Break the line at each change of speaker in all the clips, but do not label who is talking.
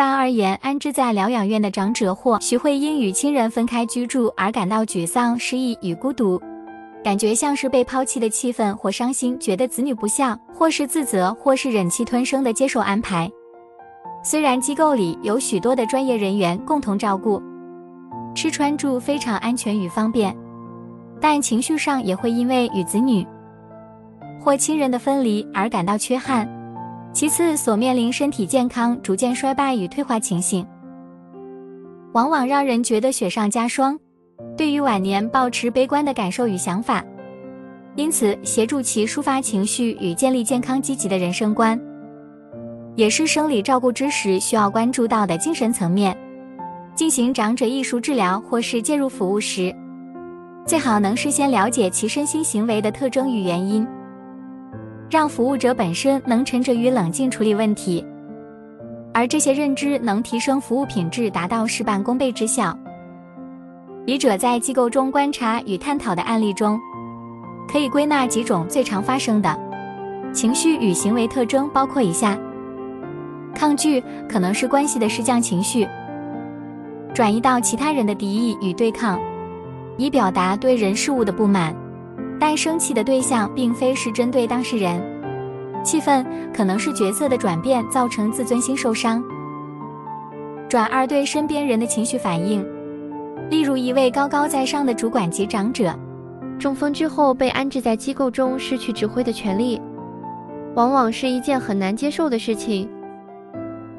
一般而言，安置在療養院的長者或許會因與親人分開居住而感到沮喪、失意與孤獨，感覺像是被拋棄的氣氛，或傷心，覺得子女不孝，或是自責，或是忍氣吞聲地接受安排。雖然機構裡有許多的專業人員共同照顧，吃穿住非常安全與方便，但情緒上也會因為與子女或親人的分離而感到缺憾。其次，所面臨身體健康逐漸衰敗與退化情形，往往讓人覺得雪上加霜。對於晚年抱持悲觀的感受與想法，因此協助其抒發情緒與建立健康積極的人生觀，也是生理照顧之時需要關注到的精神層面。進行長者藝術治療或是介入服務時，最好能事先了解其身心行為的特徵與原因。讓服務者本身能沉着與冷靜處理問題，而這些認知能提升服務品質，達到事半功倍之效。筆者在機構中觀察與探討的案例中，可以歸納幾種最常發生的情緒與行為特徵，包括以下：抗拒可能是關係的失降情緒，轉移到其他人的敵意與對抗，以表達對人事物的不滿。但生氣的對象並非是針對當事人，氣憤可能是角色的轉變造成自尊心受傷，轉而對身邊人的情緒反應。例如一位高高在上的主管級長者，中風之後被安置在機構中失去指揮的權力，往往是一件很難接受的事情。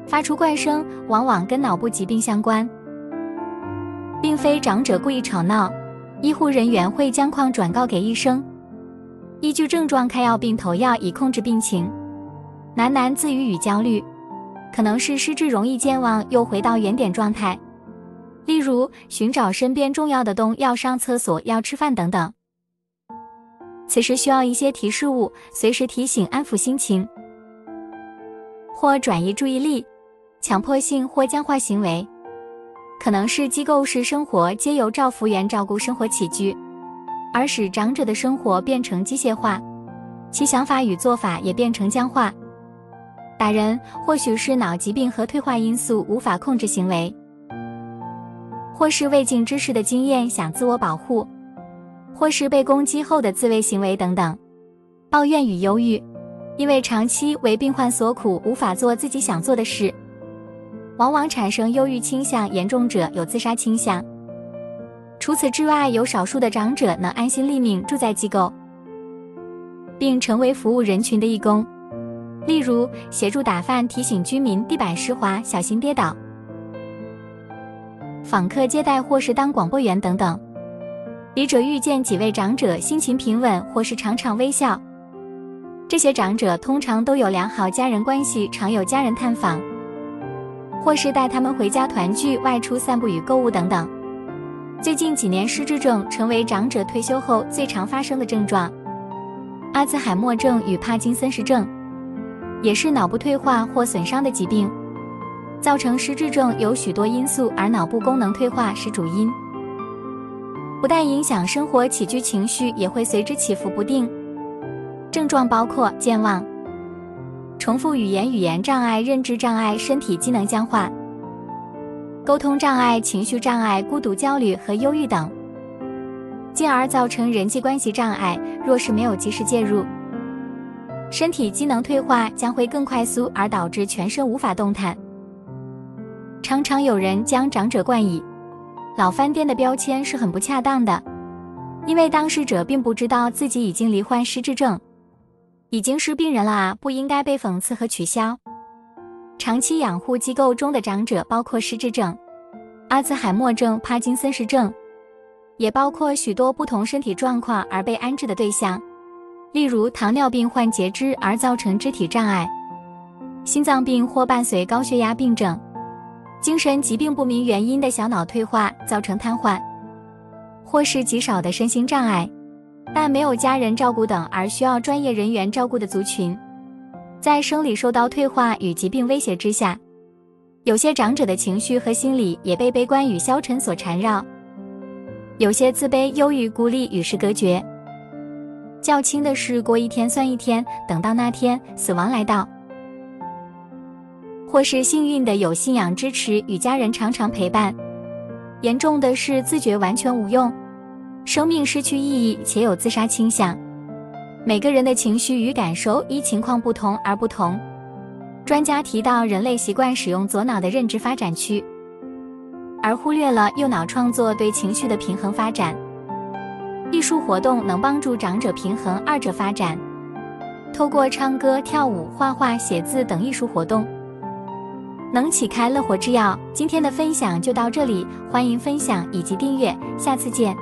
發出怪聲往往跟腦部疾病相關，並非長者故意吵鬧。醫護人員會將況轉告給醫生，依據症狀開藥並投藥以控制病情。喃喃自語與焦慮，可能是失智容易健忘又回到原點狀態，例如尋找身邊重要的東，要上廁所，要吃飯等等。此時需要一些提示物，隨時提醒安撫心情，或轉移注意力。強迫性或僵化行為，可能是機構式生活皆由照服員照顧生活起居，而使長者的生活變成機械化，其想法與做法也變成僵化。打人或許是腦疾病和退化因素無法控制行為，或是未盡知識的經驗想自我保護，或是被攻擊後的自衛行為等等。抱怨與憂鬱，因為長期為病患所苦，無法做自己想做的事。往往產生憂鬱傾向，嚴重者有自殺傾向。除此之外，有少數的長者能安心立命住在機構，並成為服務人群的義工，例如協助打飯、提醒居民地板濕滑、小心跌倒、訪客接待或是當廣播員等等。筆者遇見幾位長者心情平穩或是常常微笑，這些長者通常都有良好家人關係，常有家人探訪。或是帶他們回家團聚、外出散步與購物等等。最近幾年，失智症成為長者退休後最常發生的症狀。阿茲海默症與帕金森氏症也是腦部退化或損傷的疾病，造成失智症有許多因素，而腦部功能退化是主因。不但影響生活起居，情緒也會隨之起伏不定。症狀包括健忘。重複語言、語言障礙、認知障礙、身體機能僵化、溝通障礙、情緒障礙、孤獨、焦慮和憂鬱等，進而造成人際關係障礙。若是沒有及時介入，身體機能退化將會更快速，而導致全身無法動彈。常常有人將長者冠以“老番顛”的標籤是很不恰當的，因為當事者並不知道自己已經罹患失智症。已經是病人了啊，不應該被諷刺和取消。長期養護機構中的長者包括失智症、阿茲海默症、帕金森氏症，也包括許多不同身體狀況而被安置的對象，例如糖尿病患截肢而造成肢體障礙，心臟病或伴隨高血壓病症，精神疾病不明原因的小腦退化造成癱瘓，或是極少的身心障礙。但沒有家人照顧等而需要專業人員照顧的族群，在生理受到退化與疾病威脅之下，有些長者的情緒和心理也被悲觀與消沉所纏繞，有些自卑、憂鬱、孤立、與世隔絕；較輕的是過一天算一天，等到那天死亡來到；或是幸運的有信仰支持與家人常常陪伴；嚴重的是自覺完全無用。生命失去意義，且有自殺傾向。每個人的情緒與感受因情況不同而不同。專家提到，人類習慣使用左腦的認知發展區，而忽略了右腦創作對情緒的平衡發展。藝術活動能幫助長者平衡二者發展。透過唱歌、跳舞、畫畫、寫字等藝術活動，能啟開樂活之鑰。今天的分享就到這裡，歡迎分享以及訂閱，下次見。